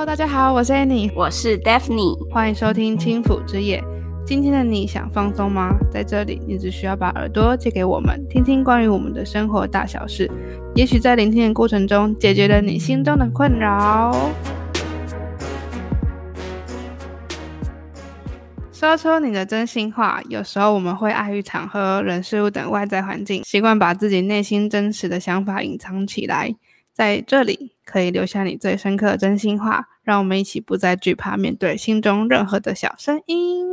Hello，大家好，我是 Annie，我是 Daphne。歡迎收聽輕撫之夜。今天的你想放鬆嗎？在這裡，你只需要把耳朵借給我們，聽聽關於我們的生活大小事。也許在聆聽的過程中，解決了你心中的困擾。 說出你的真心話。有時候我們會礙於場合、人、事物等外在環境，習慣把自己內心真實的想法隱藏起來。在這裡。可以留下你最深刻的真心話，讓我們一起不再懼怕面對心中任何的小聲音。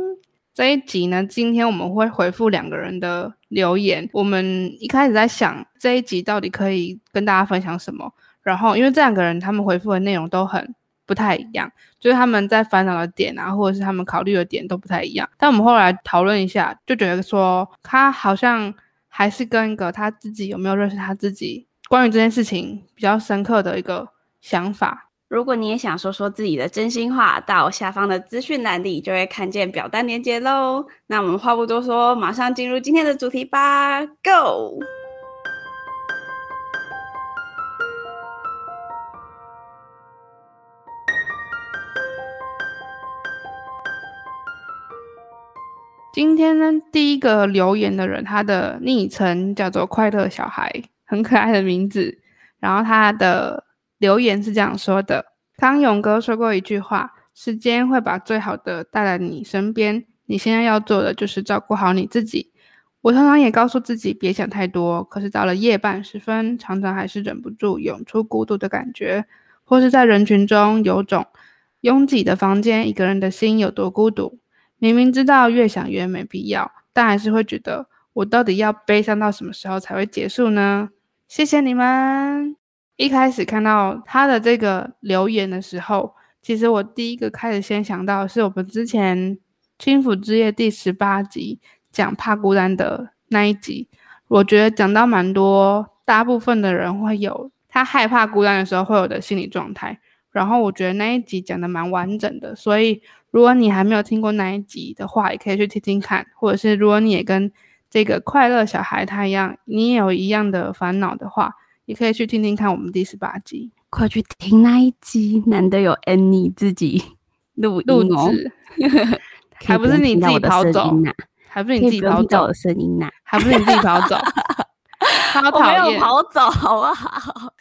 這一集呢，今天我們會回復兩個人的留言。我們一開始在想這一集到底可以跟大家分享什麼，然後因為這兩個人他們回復的內容都很不太一樣，就是他們在煩惱的點啊，或者是他們考慮的點都不太一樣。但我們後來討論一下，就覺得說他好像還是跟一個他自己有沒有認識他自己。關於這件事情比較深刻的一個想法，如果你也想說說自己的真心話，到下方的資訊欄裡就會看見表單連結嘍。那我們話不多說，馬上進入今天的主題吧。Go！今天呢，第一個留言的人，他的昵稱叫做“快樂小孩”。很可愛的名字，然後他的留言是這樣說的：“康永哥說過一句話，時間會把最好的帶來你身邊。你現在要做的就是照顧好你自己。我常常也告訴自己別想太多，可是到了夜半時分，常常還是忍不住湧出孤獨的感覺。或是在人群中，有種擁擠的房間，一個人的心有多孤獨。明明知道越想越沒必要，但還是會覺得，我到底要悲傷到什麼時候才會結束呢？”謝謝你們！一開始看到他的這個留言的時候，其實我第一個開始先想到的是我們之前《輕撫之夜》第十八集講怕孤單的那一集。我覺得講到蠻多，大部分的人會有他害怕孤單的時候會有的心理狀態。然後我覺得那一集講的蠻完整的，所以如果你還沒有聽過那一集的話，也可以去聽聽看，或者是如果你也跟，這個快樂小孩，他一樣，你也有一樣的煩惱的話，你可以去聽聽看我們第十八集，快去聽那一集，難得有 Annie 自己錄、哦、錄制，還 不是你自己跑走還不是你自己跑走的聲音呢、啊？還不是你自己跑走？不我，不我，我沒有跑走、啊，好不好？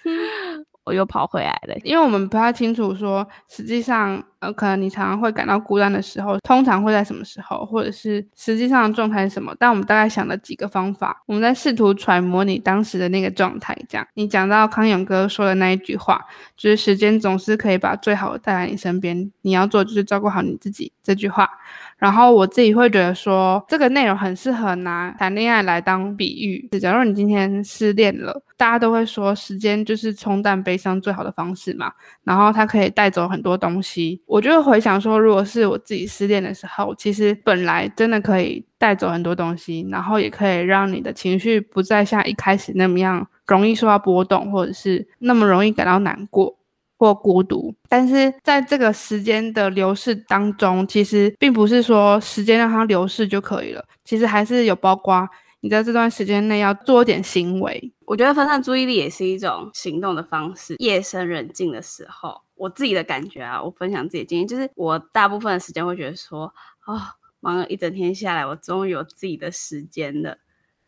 我又跑回來了，因為我們不太清楚說，實際上。呃，可能你常常會感到孤單的時候，通常會在什麼時候，或者是實際上的狀態是什麼？但我們大概想了幾個方法，我們在試圖揣摩你當時的那個狀態。這樣，你講到康永哥說的那一句話，就是時間總是可以把最好的帶來你身邊，你要做就是照顧好你自己這句話。然後我自己會覺得說，這個內容很適合拿談戀愛來當比喻。假如你今天失戀了，大家都會說，時間就是沖淡悲傷最好的方式嘛，然後它可以帶走很多東西。我就會回想說，如果是我自己失戀的時候，其實本來真的可以帶走很多東西，然後也可以讓你的情緒不再像一開始那麼樣容易受到波動，或者是那麼容易感到難過或孤獨。但是在這個時間的流逝當中，其實並不是說時間讓它流逝就可以了，其實還是有包括你在這段時間內要做點行為。我覺得分散注意力也是一種行動的方式，夜深人靜的時候。我自己的感覺啊，我分享自己的經驗，就是我大部分的時間會覺得說，哦，忙了一整天下來，我終於有自己的時間了。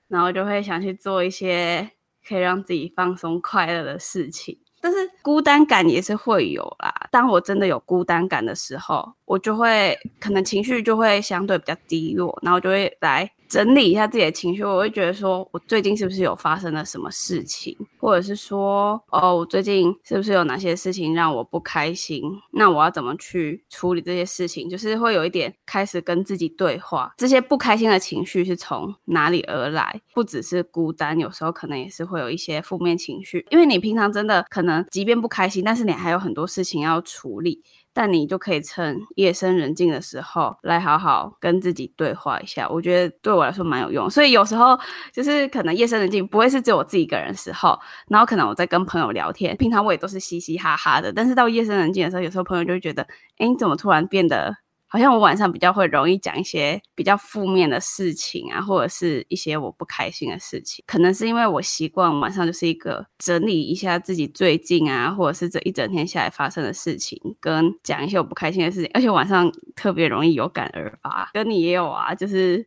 然後就會想去做一些可以讓自己放鬆快樂的事情。但是孤單感也是會有啦，當我真的有孤單感的時候，我就會，可能情緒就會相對比較低落，然後就會來。整理一下自己的情緒，我會覺得說，我最近是不是有發生了什麼事情？或者是說，哦，我最近是不是有哪些事情讓我不開心？那我要怎麼去處理這些事情？就是會有一點開始跟自己對話，這些不開心的情緒是從哪裡而來？不只是孤單，有時候可能也是會有一些負面情緒。因為你平常真的可能即便不開心，但是你還有很多事情要處理。但你就可以趁夜深人靜的時候來好好跟自己對話一下，我覺得對我來說蠻有用。所以有時候就是可能夜深人靜，不會是只有我自己一個人的時候，然後可能我在跟朋友聊天，平常我也都是嘻嘻哈哈的，但是到夜深人靜的時候，有時候朋友就會覺得，哎，你怎麼突然變得？好像我晚上比較會容易講一些比較負面的事情啊，或者是一些我不開心的事情，可能是因為我習慣晚上就是一個整理一下自己最近啊，或者是這一整天下來發生的事情，跟講一些我不開心的事情，而且晚上特別容易有感而發。跟你也有啊，就是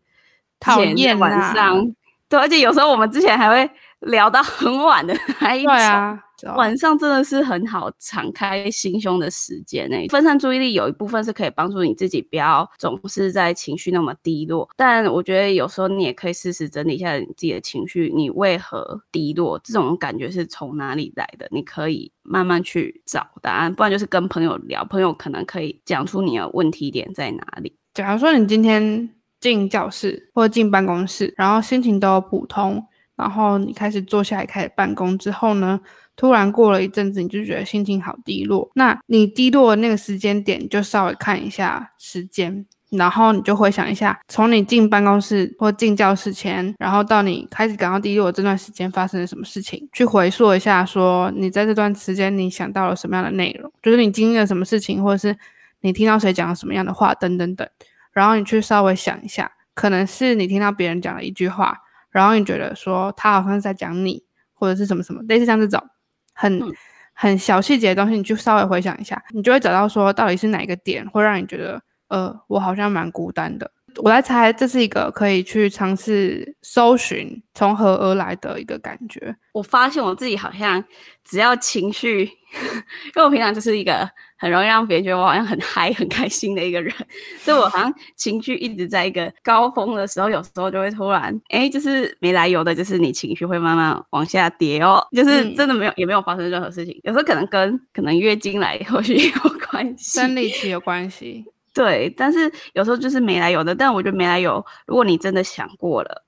討厭晚上，啊、對，而且有時候我們之前還會聊到很晚的，還一起。晚上真的是很好敞開心胸的時間欸，分散注意力有一部分是可以幫助你自己不要總是在情緒那麼低落，但我覺得有時候你也可以試試整理一下你自己的情緒，你為何低落，這種感覺是從哪裡來的，你可以慢慢去找答案，不然就是跟朋友聊，朋友可能可以講出你的問題點在哪裡。假如說你今天進教室或進辦公室，然後心情都有普通。然後你開始坐下來開始辦公之後呢，突然過了一陣子，你就覺得心情好低落。那你低落的那個時間點，就稍微看一下時間，然後你就回想一下，從你進辦公室或進教室前，然後到你開始感到低落這段時間發生了什麼事情，去回溯一下，說你在這段時間你想到了什麼樣的內容，就是你經歷了什麼事情，或者是你聽到誰講了什麼樣的話，等等等。然後你去稍微想一下，可能是你聽到別人講了一句話。然後你覺得說他好像是在講你，或者是什麼什麼類似像這種很、嗯、很小細節的東西，你就稍微回想一下，你就會找到說到底是哪一個點會讓你覺得，呃，我好像蠻孤單的。我來猜，這是一個可以去嘗試搜尋從何而來的一個感覺。我發現我自己好像只要情緒，因為我平常就是一個。很容易讓別人覺得我好像很嗨、很開心的一個人，所以我好像情緒一直在一個高峰的時候，有時候就會突然，哎、欸，就是沒來由的，就是你情緒會慢慢往下跌哦，就是真的沒有，嗯、也沒有發生任何事情，有時候可能跟可能月經來或許有關係，生理期有關係，對，但是有時候就是沒來由的，但我覺得沒來由，如果你真的想過了。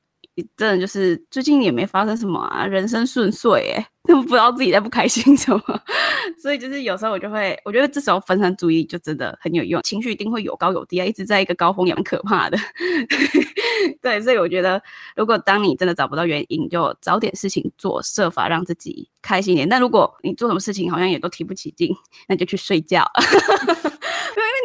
真的就是最近也沒發生什麼啊，人生順遂耶，他們不知道自己在不開心什麼，所以就是有時候我就會，我覺得這時候分散注意力就真的很有用，情緒一定會有高有低啊，一直在一個高峰也蠻可怕的， 對，所以我覺得如果當你真的找不到原因，就找點事情做，設法讓自己開心一點。但如果你做什麼事情好像也都提不起勁，那就去睡覺。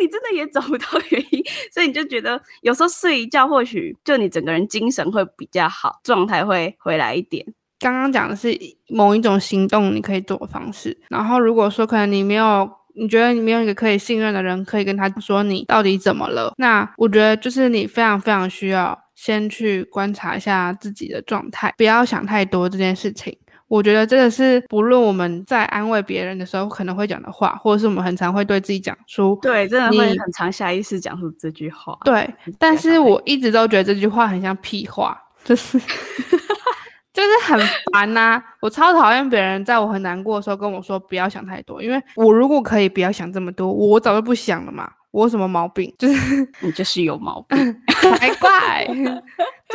你真的也找不到原因，所以你就覺得有時候睡一覺，或許就你整個人精神會比較好，狀態會回來一點。剛剛講的是某一種行動你可以做的方式，然後如果說可能你沒有，你覺得你沒有一個可以信任的人可以跟他說你到底怎麼了，那我覺得就是你非常非常需要先去觀察一下自己的狀態，不要想太多這件事情。我覺得這個是，不論我們在安慰別人的時候可能會講的話，或者是我們很常會對自己講說，對，真的會很常下意識講出這句話。你對，是但是我一直都覺得這句話很像屁話，就是， 就是很煩吶、啊。我超討厭別人在我很難過的時候跟我說不要想太多，因為我如果可以不要想這麼多，我早就不想了嘛。我有什麼毛病？就是你就是有毛病才 怪。就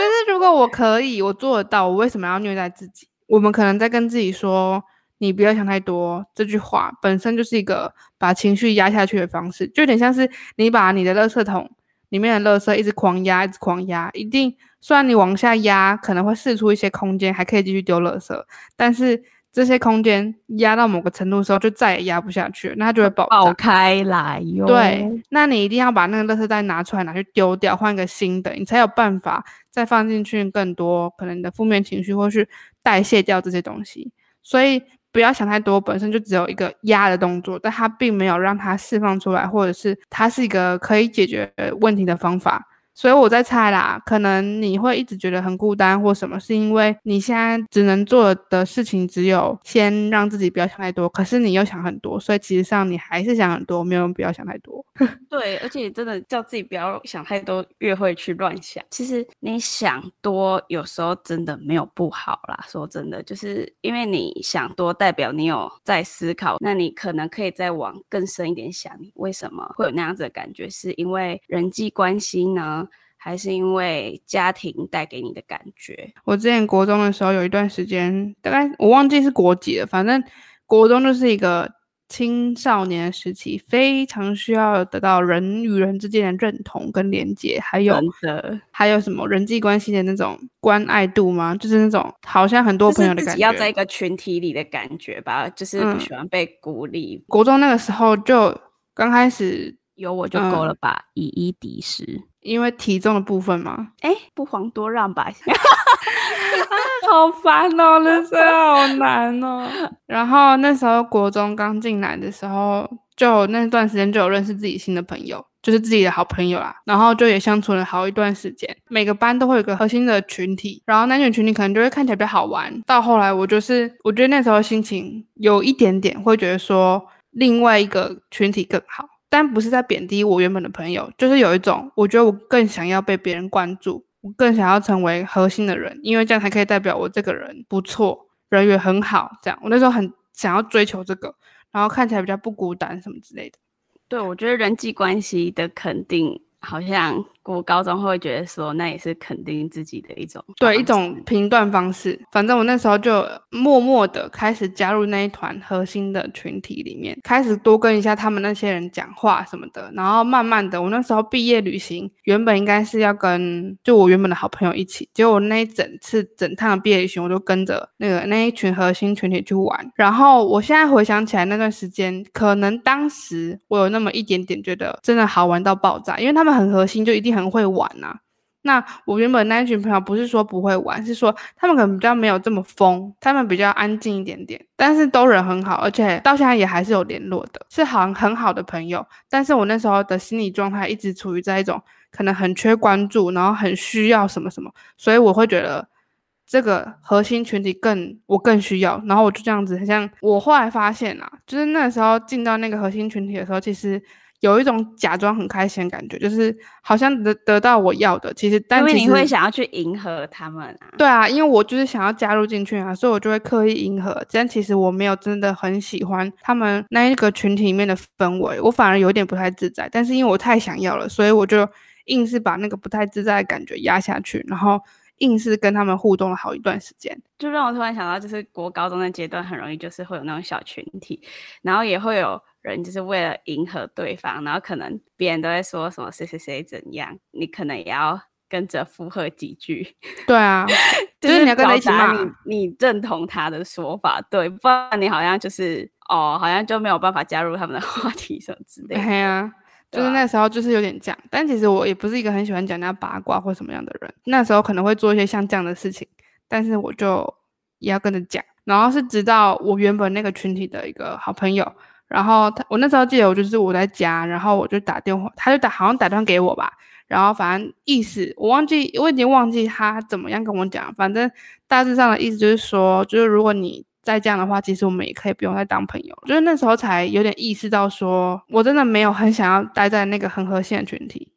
是如果我可以，我做得到，我為什麼要虐待自己？我們可能在跟自己說“你不要想太多”這句話，本身就是一個把情緒壓下去的方式，就有點像是你把你的垃圾桶裡面的垃圾一直狂壓、一直狂壓，一定雖然你往下壓，可能會釋出一些空間，還可以繼續丟垃圾，但是。這些空間壓到某個程度的時候，就再也壓不下去，那它就會爆爆開來喲。對，那你一定要把那個垃圾袋拿出來，拿去丟掉，換個新的，你才有辦法再放進去更多可能你的負面情緒，或是代謝掉這些東西。所以不要想太多，本身就只有一個壓的動作，但它並沒有讓它釋放出來，或者是它是一個可以解決問題的方法。所以我在猜啦，可能你會一直覺得很孤單或什麼，是因為你現在只能做的事情只有先讓自己不要想太多，可是你又想很多，所以其實上你還是想很多，沒有人不要想太多。 對，而且真的叫自己不要想太多，越會去亂想。 其實你想多，有時候真的沒有不好啦。說真的，就是因為你想多，代表你有在思考，那你可能可以再往更深一點想，你為什麼會有那樣子的感覺？是因為人際關係呢？還是因為家庭帶給你的感覺。我之前國中的時候有一段時間，大概我忘記是國幾了，反正國中就是一個青少年的時期，非常需要得到人與人之間的認同跟連接，還有的還有什麼人際關係的那種關愛度嗎？就是那種好像很多朋友的感覺，就是要在一個群體裡的感覺吧，就是不喜歡被孤立、嗯。國中那個時候就剛開始有我就夠了吧，嗯、以一敵十。因為體重的部分嘛，哎，不遑多讓吧。 好煩哦，人生好難哦。 然後那時候國中剛進來的時候，就那段時間就有認識自己新的朋友，就是自己的好朋友啦。然後就也相處了好一段時間。每個班都會有個核心的群體，然後男性群體可能就會看起來比較好玩。到後來，我就是我覺得那時候心情有一點點會覺得說另外一個群體更好。但不是在貶低我原本的朋友，就是有一種，我覺得我更想要被別人關注，我更想要成為核心的人，因為這樣才可以代表我這個人不錯，人緣很好。這樣，我那時候很想要追求這個，然後看起來比較不孤單什麼之類的。對，我覺得人際關係的肯定好像。我高中會覺得說那也是肯定自己的一種，對，一種評斷方式。反正我那時候就默默的開始加入那一團核心的群體裡面，開始多跟一下他們那些人講話什麼的。然後慢慢的，我那時候畢業旅行原本應該是要跟就我原本的好朋友一起，結果我那一整次整趟的畢業旅行，我就跟着那個那一群核心群體去玩。然後我現在回想起來那段時間，可能當時我有那麼一點點覺得真的好玩到爆炸，因為他們很核心就一定。很會玩吶、啊，那我原本那一群朋友不是說不會玩，是說他們可能比較沒有這麼瘋，他們比較安靜一點點，但是都人很好，而且到現在也還是有聯絡的，是好很好的朋友。但是我那時候的心理狀態一直處於在一種可能很缺關注，然後很需要什麼什麼，所以我會覺得這個核心群體更我更需要，然後我就這樣子，好像我後來發現啊，就是那時候進到那個核心群體的時候，其實。有一種假裝很開心的感覺，就是好像得得到我要的，其實但是因為你會想要去迎合他們啊？對啊，因為我就是想要加入進去啊，所以我就會刻意迎合。但其實我沒有真的很喜歡他們那一個群體裡面的氛圍，我反而有點不太自在。但是因為我太想要了，所以我就硬是把那個不太自在的感覺壓下去，然後硬是跟他們互動了好一段時間，就讓我突然想到，就是國高中的階段很容易就是會有那種小群體，然後也會有。人就是為了迎合對方，然後可能別人都在說什麼誰誰誰怎樣，你可能也要跟着附和幾句。對啊，就是， 就是你，你要跟著一起罵，表達你你認同他的說法。對，不然你好像就是哦，好像就沒有辦法加入他們的話題什麼之類的，嗯。對啊，就是那時候就是有點這樣。啊、但其實我也不是一個很喜歡講那八卦或什麼樣的人。那時候可能會做一些像這樣的事情，但是我就也要跟着講。然後是直到我原本那個群體的一個好朋友，然後他，我那時候記得我就是我在家，然後我就打電話，他就打，好像打電話給我吧，然後反正意思我忘記，我已經忘記他怎麼樣跟我講，反正大致上的意思就是說，就是如果你再這樣的話，其實我們也可以不用再當朋友。就是那時候才有點意識到說，說我真的沒有很想要待在那個很和諧的群體。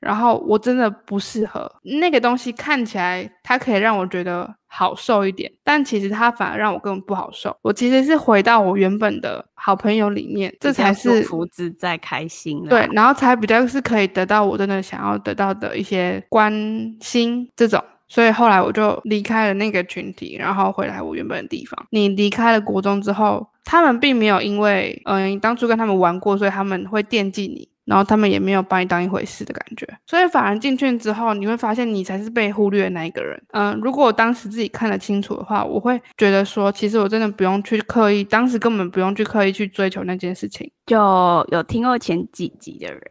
然後我真的不適合那個東西，看起來它可以讓我覺得好受一點，但其實它反而讓我更不好受。我其實是回到我原本的好朋友裡面，這才是，這才是福自在開心。對，然後才比較是可以得到我真的想要得到的一些關心這種。所以後來我就離開了那個群體，然後回來我原本的地方。你離開了國中之後，他們並沒有因為嗯，呃，當初跟他們玩過，所以他們會惦記你。然後他們也沒有把你當一回事的感覺，所以反而進去之後，你會發現你才是被忽略的那一個人。嗯，如果我當時自己看得清楚的話，我會覺得說，其實我真的不用去刻意，當時根本不用去刻意去追求那件事情。就有聽過前幾集的人，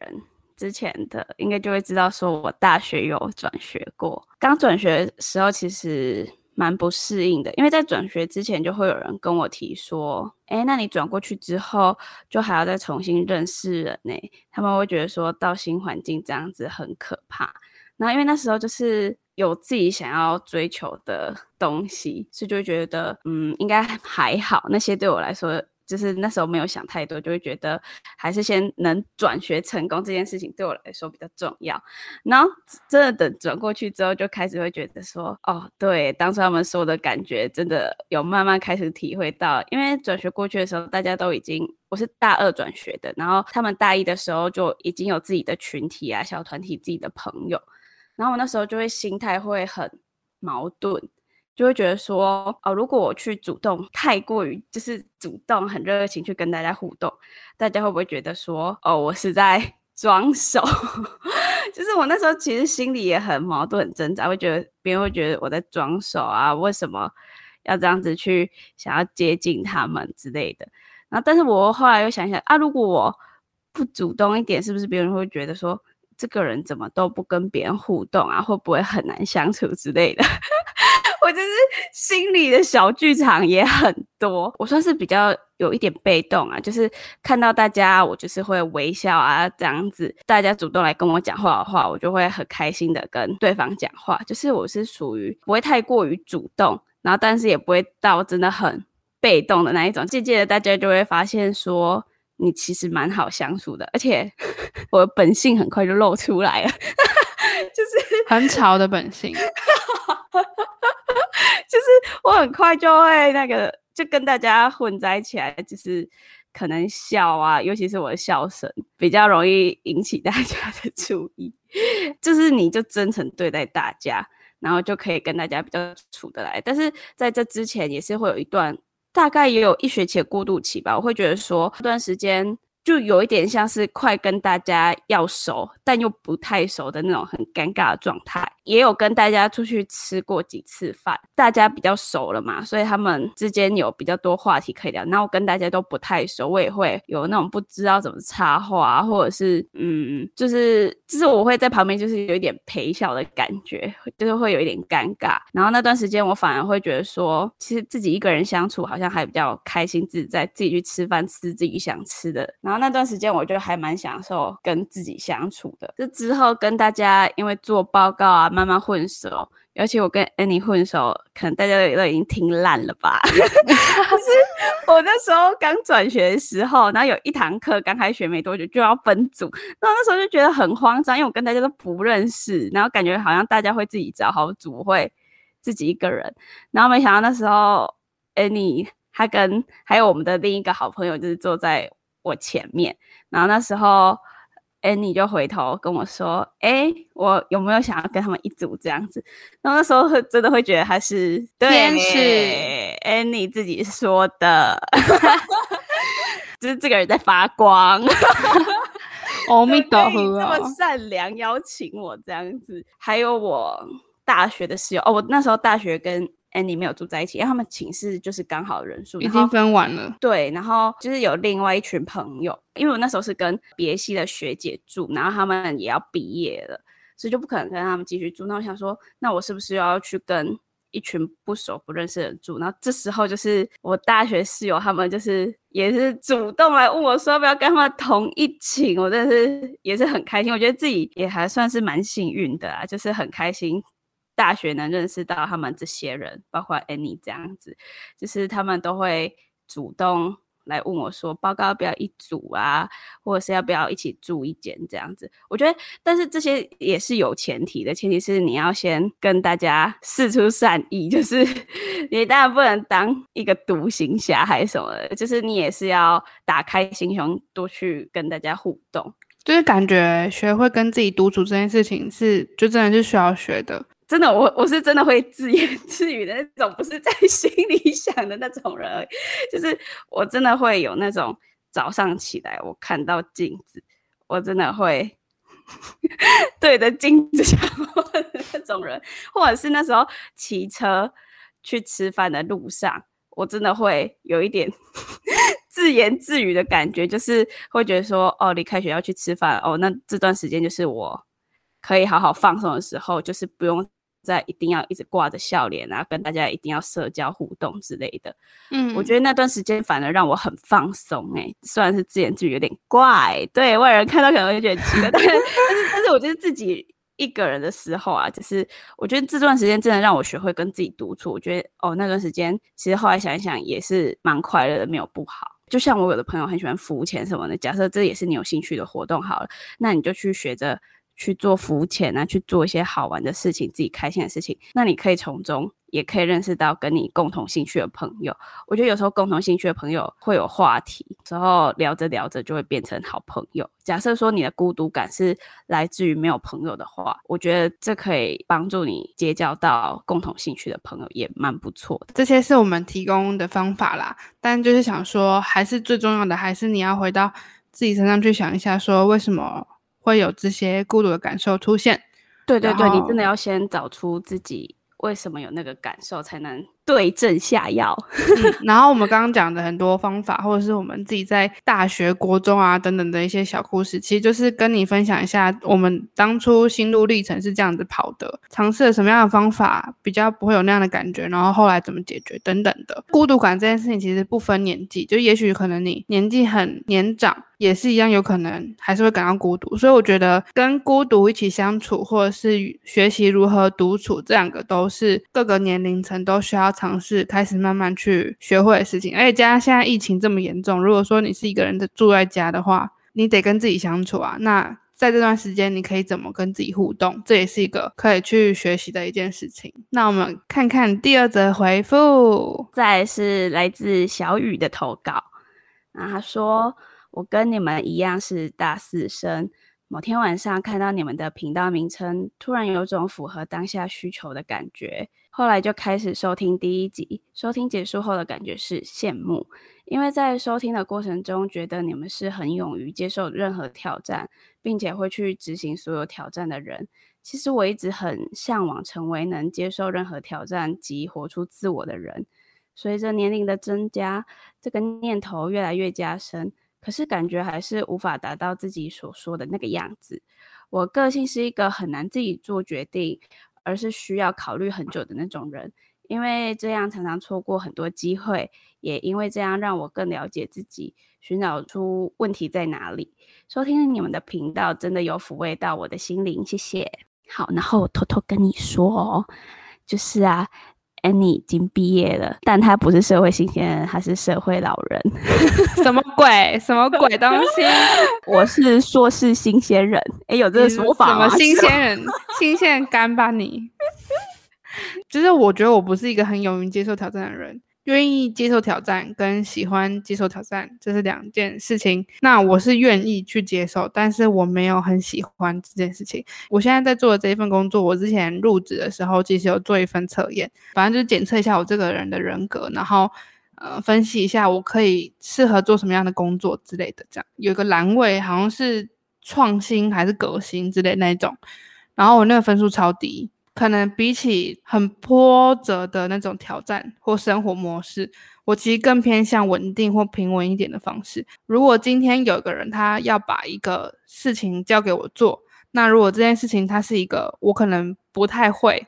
之前的應該就會知道，說我大學有轉學過，剛轉學的時候其實。蠻不適應的，因為在轉學之前就會有人跟我提說，哎，那你轉過去之後，就還要再重新認識人呢、欸。他們會覺得說到新環境這樣子很可怕。然後因為那時候就是有自己想要追求的東西，所以就會覺得嗯，應該還好。那些對我來說。就是那時候沒有想太多，就會覺得還是先能轉學成功這件事情對我來說比較重要。然後真的等轉過去之後，就開始會覺得說，哦，對，當初他們說的感覺真的有慢慢開始體會到。因為轉學過去的時候，大家都已經，我是大二轉學的，然後他們大一的時候就已經有自己的群體啊、小團體、自己的朋友。然後我那時候就會心態會很矛盾。就會覺得說，哦，如果我去主動太過於，就是主動很熱情去跟大家互動，大家會不會覺得說，哦，我是在裝熟？ 就是我那時候其實心裡也很矛盾、很掙扎，會覺得別人會覺得我在裝熟啊？為什麼要這樣子去想要接近他們之類的？然後但是我後來又想一想，啊，如果我不主動一點，是不是別人會覺得說，這個人怎麼都不跟別人互動啊？會不會很難相處之類的？我就是心裡的小劇場也很多，我算是比較有一點被動啊，就是看到大家，我就是會微笑啊這樣子。大家主動來跟我講話的話，我就會很開心的跟對方講話。就是我是屬於不會太過於主動，然後但是也不會到真的很被動的那一種。漸漸的，大家就會發現說你其實蠻好相處的，而且我的本性很快就露出來了， 就是很吵的本性。 我很快就會那個，就跟大家混在一起起來，就是可能笑啊，尤其是我的笑聲比較容易引起大家的注意，就是你就真誠對待大家，然後就可以跟大家比較處得來。但是在這之前，也是會有一段，大概也有一學期的過渡期吧。我會覺得說，這段時間就有一點像是快跟大家要熟，但又不太熟的那種很尷尬的狀態。也有跟大家出去吃過幾次飯，大家比較熟了嘛，所以他們之間有比較多話題可以聊。那我跟大家都不太熟，我也會有那種不知道怎麼插話啊，或者是嗯，就是就是我會在旁邊，就是有一點陪笑的感覺，就是會有一點尷尬。然後那段時間我反而會覺得說，其實自己一個人相處好像還比較開心。自己在，自己去吃飯，吃自己想吃的。然後那段時間我就還蠻享受跟自己相處的。這之後跟大家因為做報告啊，慢慢混熟，而且我跟 Annie 混熟，可能大家都都已經聽爛了吧。可 是我那時候剛轉學的時候，然後有一堂課剛開學沒多久就要分組，然後那時候就覺得很慌張，因為我跟大家都不認識，然後感覺好像大家會自己找好組，會自己一個人，然後沒想到那時候 Annie 他跟還有我們的另一個好朋友就是坐在我前面，然後那時候。Annie 就回頭跟我說：“哎、欸，我有沒有想要跟他們一組這樣子？”然後那時候真的會覺得他是對，是天使 Annie 自己說的， 就是這個人在發光。Oh my God，這麼善良邀請我這樣子，還有我大學的室友哦，我那時候大學跟。Andy 沒有住在一起，因為他們寢室就是剛好的人數已經分完了。對，然後就是有另外一群朋友，因為我那時候是跟別系的學姐住，然後他們也要畢業了，所以就不可能跟他們繼續住。那我想說，那我是不是要去跟一群不熟不認識的人住？然後這時候就是我大學室友他們就是也是主動來問我說要不要跟他們同一寢，我真的是也是很開心，我覺得自己也還算是蠻幸運的啊，就是很開心。大學能認識到他們這些人，包括 Annie 這樣子，就是他們都會主動來問我說，報告要不要一組啊，或者是要不要一起住一間這樣子。我覺得，但是這些也是有前提的，前提是你要先跟大家釋出善意，就是你當然不能當一個獨行俠還是什麼的，就是你也是要打開心胸，多去跟大家互動。就是感覺學會跟自己獨處這件事情是，就真的是需要學的。真的，我我是真的會自言自語的那種，不是在心裡想的那種人，就是我真的會有那種早上起來我看到鏡子，我真的會 對着鏡子想的那種人，或者是那時候騎車去吃飯的路上，我真的會有一點 自言自語的感覺，就是會覺得說哦，離開學校去吃飯哦，那這段時間就是我可以好好放鬆的時候，就是不用。在一定要一直掛着笑臉，然後啊，跟大家一定要社交互動之類的。嗯，我覺得那段時間反而讓我很放鬆。哎，雖然是自言自語有點怪，對外人看到可能會覺得奇怪，但是， 但是，但是我覺得自己一個人的時候啊，就是我覺得這段時間真的讓我學會跟自己獨處。我覺得哦，那段時間其實後來想一想也是蠻快樂的，沒有不好。就像我有的朋友很喜歡浮潛什麼的，假設這也是你有興趣的活動好了，那你就去學着。去做浮潛啊，去做一些好玩的事情，自己開心的事情。那你可以從中也可以認識到跟你共同興趣的朋友。我覺得有時候共同興趣的朋友會有話題，之後聊着聊着就會變成好朋友。假設說你的孤獨感是來自於沒有朋友的話，我覺得這可以幫助你結交到共同興趣的朋友，也蠻不錯的。這些是我們提供的方法啦，但就是想說，還是最重要的，還是你要回到自己身上去想一下，說為什麼。會有這些孤獨的感受出現，對對對，後你真的要先找出自己為什麼有那個感受，才能。對症下藥、 嗯，然後我們剛剛講的很多方法，或者是我們自己在大學、 國中啊等等的一些小故事，其實就是跟你分享一下我們當初心路歷程是這樣子跑的，嘗試了什麼樣的方法，比較不會有那樣的感覺，然後後來怎麼解決等等的。孤獨感這件事情其實不分年紀，就也許可能你年紀很年長，也是一樣，有可能還是會感到孤獨。所以我覺得跟孤獨一起相處，或者是學習如何獨處，這兩個都是各個年齡層都需要。嘗試開始慢慢去學會的事情，而且加上現在疫情這麼嚴重，如果說你是一個人的住在家的話，你得跟自己相處啊。那在這段時間，你可以怎麼跟自己互動？這也是一個可以去學習的一件事情。那我們看看第二則回復，再來是來自小宇的投稿。那他說：“我跟你們一樣是大四生。”某天晚上看到你們的頻道名稱，突然有種符合當下需求的感覺。後來就開始收聽第一集，收聽結束後的感覺是羨慕，因為在收聽的過程中覺得你們是很勇於接受任何挑戰，並且會去執行所有挑戰的人。其實我一直很嚮往成為能接受任何挑戰及活出自我的人。隨着年齡的增加，這個念頭越來越加深。可是感覺還是無法達到自己所說的那個樣子。我個性是一個很難自己做決定，而是需要考慮很久的那種人，因為這樣常常錯過很多機會，也因為這樣讓我更了解自己，尋找出問題在哪裡。收聽你們的頻道真的有撫慰到我的心靈，謝謝。好，然後我偷偷跟你說哦，就是啊。安妮已經畢業了，但他不是社會新鮮人，他是社會老人。 什麼鬼？什麼鬼東西？ 我是說是新鮮人。哎、欸，有這個說法嗎、啊？什麼新鮮人？ 新鮮人幹吧你。就是我覺得我不是一個很勇於接受挑戰的人。願意接受挑戰跟喜歡接受挑戰，這是兩件事情。那我是願意去接受，但是我沒有很喜歡這件事情。我現在在做的這一份工作，我之前入職的時候其實有做一份測驗，反正就是檢測一下我這個人的人格，然後呃分析一下我可以適合做什麼樣的工作之類的這樣。有個欄位好像是創新還是革新之類的那一種，然後我那個分數超低。可能比起很波折的那種挑戰或生活模式，我其實更偏向穩定或平穩一點的方式。如果今天有一個人他要把一個事情交給我做，那如果這件事情它是一個我可能不太會，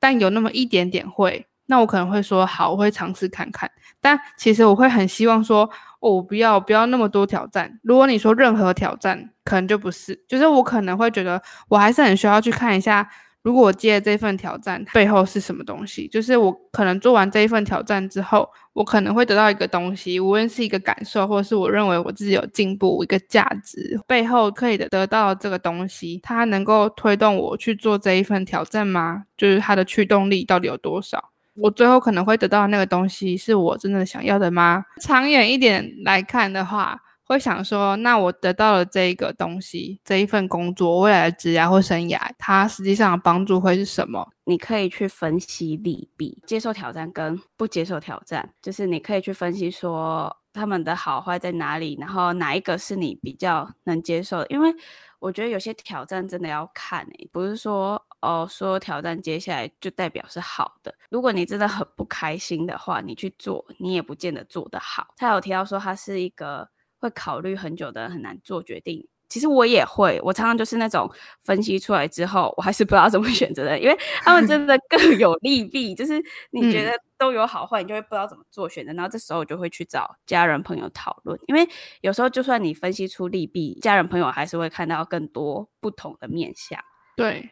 但有那麼一點點會，那我可能會說好，我會嘗試看看。但其實我會很希望說，哦，不要不要那麼多挑戰。如果你說任何挑戰，可能就不是，就是我可能會覺得我還是很需要去看一下。如果我接了這份挑戰，背後是什麼東西？就是我可能做完這一份挑戰之後，我可能會得到一個東西，無論是一個感受，或者是我認為我自己有進步，一個價值。背後可以得到這個東西，它能夠推動我去做這一份挑戰嗎？就是它的驅動力到底有多少？我最後可能會得到那個東西，是我真的想要的嗎？長遠一點來看的話。會想說，那我得到了這個東西，這一份工作，未來的職業或生涯，它實際上的幫助會是什麼？你可以去分析利弊，接受挑戰跟不接受挑戰，就是你可以去分析說他們的好壞在哪裡，然後哪一個是你比較能接受的？因為我覺得有些挑戰真的要看誒、欸，不是說哦，說挑戰接下來就代表是好的。如果你真的很不開心的話，你去做，你也不見得做得好。他有提到說他是一個。會考慮很久的，很難做決定。其實我也會，我常常就是那種分析出來之後，我還是不知道怎麼選擇的，因為他們真的各有利弊。 就是你覺得都有好壞，你就會不知道怎麼做選擇。嗯、然後這時候我就會去找家人朋友討論，因為有時候就算你分析出利弊，家人朋友還是會看到更多不同的面向。對，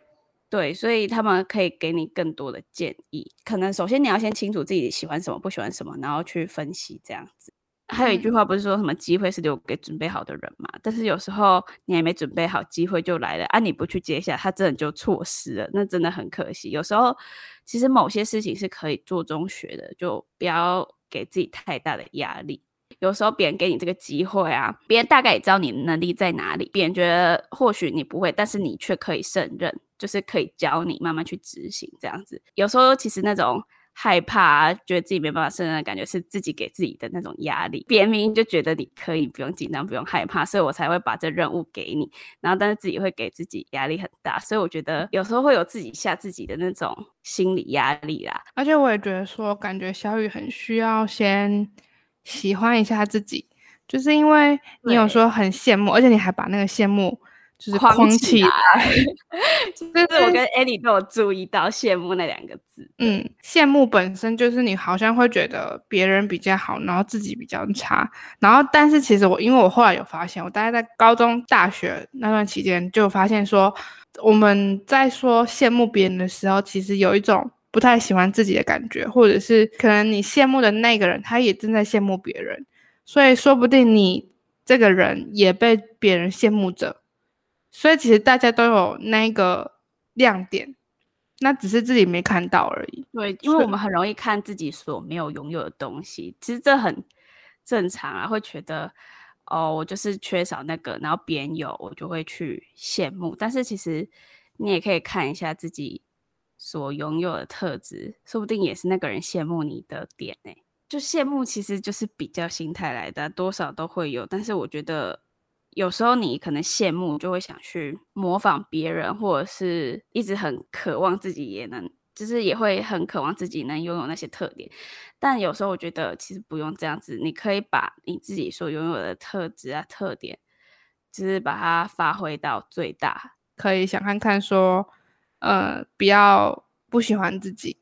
對，所以他們可以給你更多的建議。可能首先你要先清楚自己喜歡什麼，不喜歡什麼，然後去分析這樣子。還有一句話不是說什麼機會是留給準備好的人嘛？嗯、但是有時候你還沒準備好，機會就來了啊！你不去接下來，他真的就錯失了，那真的很可惜。有時候其實某些事情是可以做中學的，就不要給自己太大的壓力。有時候別人給你這個機會啊，別人大概也知道你的能力在哪裡，別人覺得或許你不會，但是你卻可以勝任，就是可以教你慢慢去執行這樣子。有時候其實那種。害怕，覺得自己沒辦法勝任的感覺是自己給自己的那種壓力。別人就覺得你可以，不用緊張，不用害怕，所以我才會把這任務給你。然後，但是自己會給自己壓力很大，所以我覺得有時候會有自己嚇自己的那種心理壓力啦。而且我也覺得說，感覺小雨很需要先喜歡一下自己，就是因為你有時候很羨慕，對而且你還把那個羨慕。就是空氣，起啊、 就這是我跟 Annie 都有注意到，羨慕那兩個字。嗯，羨慕本身就是你好像會覺得別人比較好，然後自己比較差。然後，但是其實我，因為我後來有發現，我大概在高中、大學那段期間就發現說，我們在說羨慕別人的時候，其實有一種不太喜歡自己的感覺，或者是可能你羨慕的那個人，他也正在羨慕別人，所以說不定你這個人也被別人羨慕着。所以其實大家都有那個亮點，那只是自己沒看到而已。對，是因為我們很容易看自己所沒有擁有的東西，其實這很正常啊。會覺得哦，我就是缺少那個，然後別人有，我就會去羨慕。但是其實你也可以看一下自己所擁有的特質，說不定也是那個人羨慕你的點呢、欸。就羨慕其實就是比較心態來的，多少都會有。但是我覺得。有時候你可能羨慕，就會想去模仿別人，或者是一直很渴望自己也能，就是也會很渴望自己能擁有那些特點。但有時候我覺得其實不用這樣子，你可以把你自己所擁有的特質啊、特點，就是把它發揮到最大。可以想看看說，呃，不要不喜歡自己，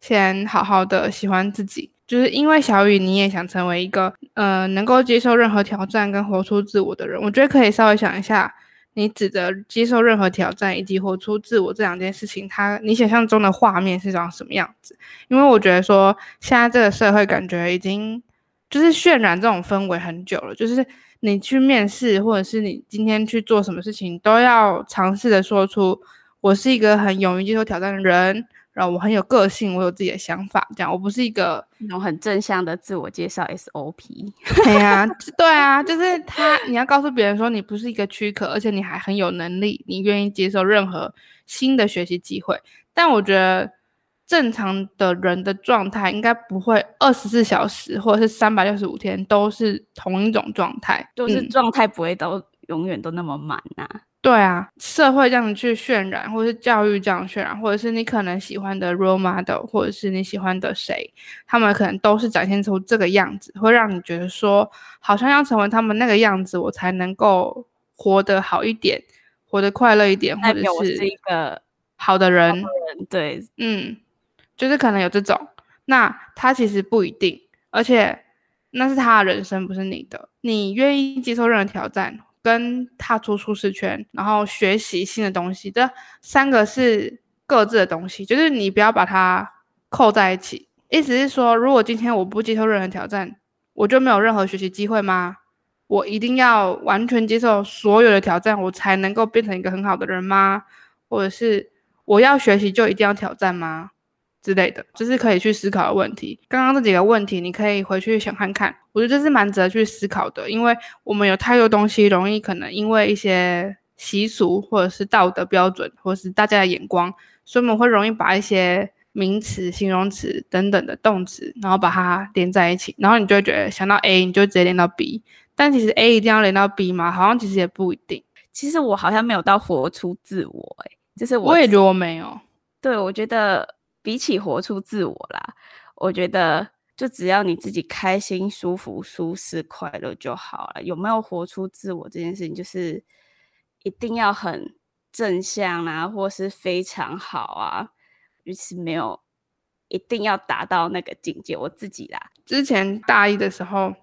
先好好的喜歡自己。就是因為小宇，你也想成為一個呃能夠接受任何挑戰跟活出自我的人。我覺得可以稍微想一下，你指的接受任何挑戰以及活出自我這兩件事情，它你想象中的畫面是長什麼樣子？因為我覺得說現在這個社會感覺已經就是渲染這種氛圍很久了，就是你去面試或者是你今天去做什麼事情，都要嘗試的說出我是一個很勇於接受挑戰的人。啊，我很有個性，我有自己的想法，這樣我不是一個那種很正向的自我介紹 SOP。對啊，對啊，就是他，對你要告訴別人說你不是一個軀殼，而且你還很有能力，你願意接受任何新的學習機會。但我覺得正常的人的狀態應該不會二十四小時或者是三百六十五天都是同一種狀態，就是狀態不會都永遠都那麼滿啊。嗯對啊，社會這樣去渲染，或是教育這樣渲染，或者是你可能喜歡的 role model，或者是你喜歡的誰，他們可能都是展現出這個樣子，會讓你覺得說，好像要成為他們那個樣子，我才能夠活得好一點，活得快樂一點，或者是一個好的人。嗯、對，嗯，就是可能有這種，那他其實不一定，而且那是他的人生，不是你的。你願意接受任何挑戰，跟踏出舒適圈，然後學習新的東西，這三個是各自的東西，就是你不要把它扣在一起。意思是說，如果今天我不接受任何挑戰，我就沒有任何學習機會嗎？我一定要完全接受所有的挑戰，我才能夠變成一個很好的人嗎？或者是我要學習就一定要挑戰嗎？之類的，就是可以去思考的問題。剛剛這幾個問題，你可以回去想看看。我覺得這是蠻值得去思考的，因為我們有太多東西容易可能因為一些習俗或者是道德標準，或者是大家的眼光，所以我們會容易把一些名詞、形容詞等等的動詞，然後把它連在一起。然後你就覺得想到 A，你就直接連到 B。但其實 A 一定要連到 B 嗎？好像其實也不一定。其實我好像沒有到活出自我，欸，哎，就是我。我也覺得我沒有。對，我覺得。比起活出自我啦，我覺得就只要你自己開心、舒服、舒適、快樂就好了。有沒有活出自我這件事情，就是一定要很正向啦，或是非常好啊？於是沒有，一定要達到那個境界。我自己啦，之前大一的時候。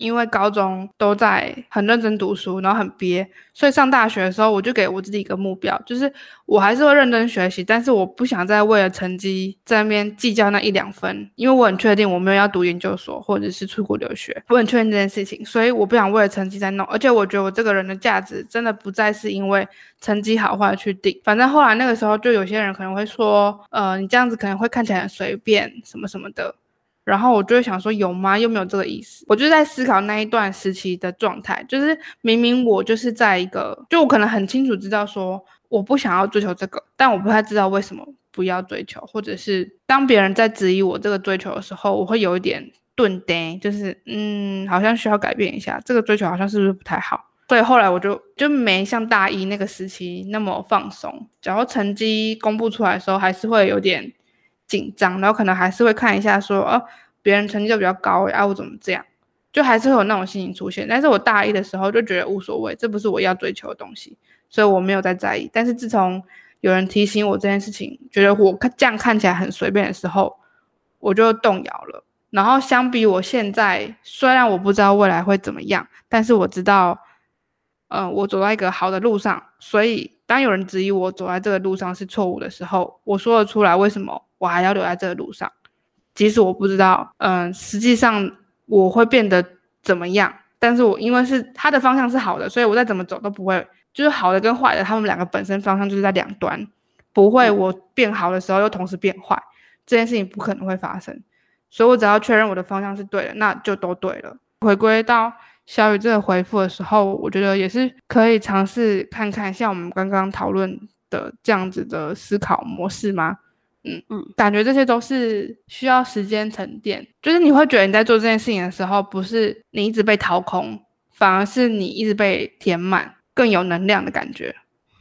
因為高中都在很認真讀書，然後很憋，所以上大學的時候我就給我自己一個目標，就是我還是會認真學習，但是我不想再為了成績在那邊計較那一兩分，因為我很確定我沒有要讀研究所或者是出國留學，我很確定這件事情，所以我不想為了成績再弄，而且我覺得我這個人的價值真的不再是因為成績好壞去定，反正後來那個時候就有些人可能會說，呃，你這樣子可能會看起來很隨便什麼什麼的。然後我就會想說，有嗎？又沒有這個意思。我就在思考那一段時期的狀態，就是明明我就是在一個，就我可能很清楚知道說，我不想要追求這個，但我不太知道為什麼不要追求，或者是當別人在質疑我這個追求的時候，我會有一點頓呆，就是嗯，好像需要改變一下，這個追求好像是不是不太好？所以後來我就就沒像大一那個時期那麼放鬆。然後成績公布出來的時候，還是會有點，緊張，然後可能還是會看一下說，說、呃、哦，別人成績就比較高、欸、啊，我怎麼這樣，就還是會有那種心情出現。但是我大一的時候就覺得無所謂，這不是我要追求的東西，所以我沒有再在，在意。但是自從有人提醒我這件事情，覺得我看這樣看起來很隨便的時候，我就動搖了。然後相比我現在，雖然我不知道未來會怎麼樣，但是我知道。嗯，我走到一個好的路上，所以當有人質疑我走在這個路上是錯誤的時候，我說得出來為什麼我還要留在這個路上。即使我不知道，嗯，實際上我會變得怎麼樣，但是我因為是它的方向是好的，所以我再怎麼走都不會，就是好的跟壞的，他們兩個本身方向就是在兩端，不會我變好的時候又同時變壞，這件事情不可能會發生。所以我只要確認我的方向是對的，那就都對了。回歸到。小宇，這個回復的時候，我覺得也是可以嘗試看看，像我們剛剛討論的這樣子的思考模式嗎？嗯嗯，感覺這些都是需要時間沉澱，就是你會覺得你在做這件事情的時候，不是你一直被掏空，反而是你一直被填滿，更有能量的感覺。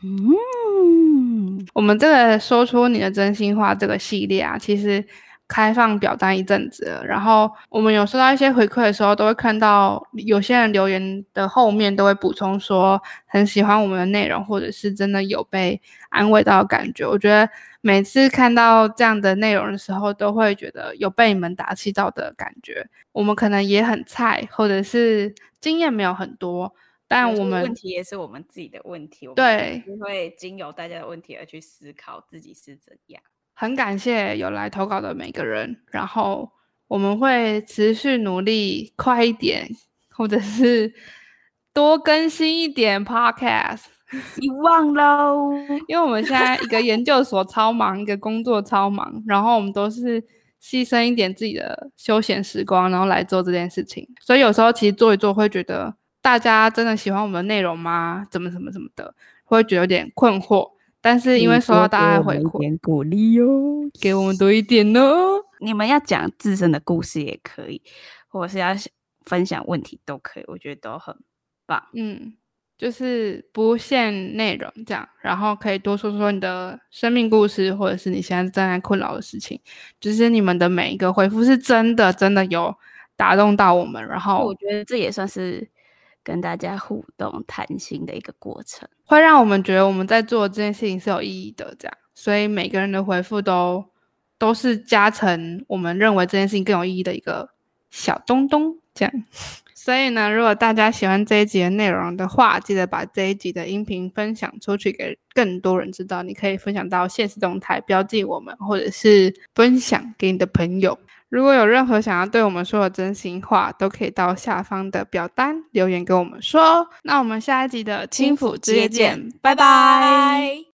嗯，我們這個說出你的真心話這個系列啊，其實。開放表單一陣子，然後我們有收到一些回饋的時候，都會看到有些人留言的後面都會補充說很喜歡我們的內容，或者是真的有被安慰到的感覺。我覺得每次看到這樣的內容的時候，都會覺得有被你們打氣到的感覺。我們可能也很菜，或者是經驗沒有很多，但我們問題也是我們自己的問題。對，會經由大家的問題而去思考自己是怎樣。很感謝有來投稿的每個人，然後我們會持續努力，快一點，或者是多更新一點 Podcast。你忘嘍， 因為我們現在一個研究所超忙， 一個工作超忙，然後我們都是犧牲一點自己的休閒時光，然後來做這件事情。所以有時候其實做一做，會覺得大家真的喜歡我們的內容嗎？怎麼怎麼怎麼的，會覺得有點困惑。但是因為收到大家的回復跟鼓勵哦，給我們多一點哦。你們要講自身的故事也可以，或者是要分享問題都可以，我覺得都很棒。嗯，就是不限內容這樣，然後可以多說說你的生命故事，或者是你現在正在困擾的事情。就是你們的每一個回復是真的，真的有打動到我們。然後，嗯，我覺得這也算是。跟大家互動談心的一個過程，會讓我們覺得我們在做這件事情是有意義的。這樣，所以每個人的回覆都都是加成，我們認為這件事情更有意義的一個小東東。這樣，所以呢，如果大家喜歡這一集的內容的話，記得把這一集的音頻分享出去給更多人知道。你可以分享到限時動態，標記我們，或者是分享給你的朋友。如果有任何想要對我們說的真心話，都可以到下方的表單留言跟我們說哦。那我們下一集的輕撫之夜見，輕撫之夜見，拜拜。拜拜。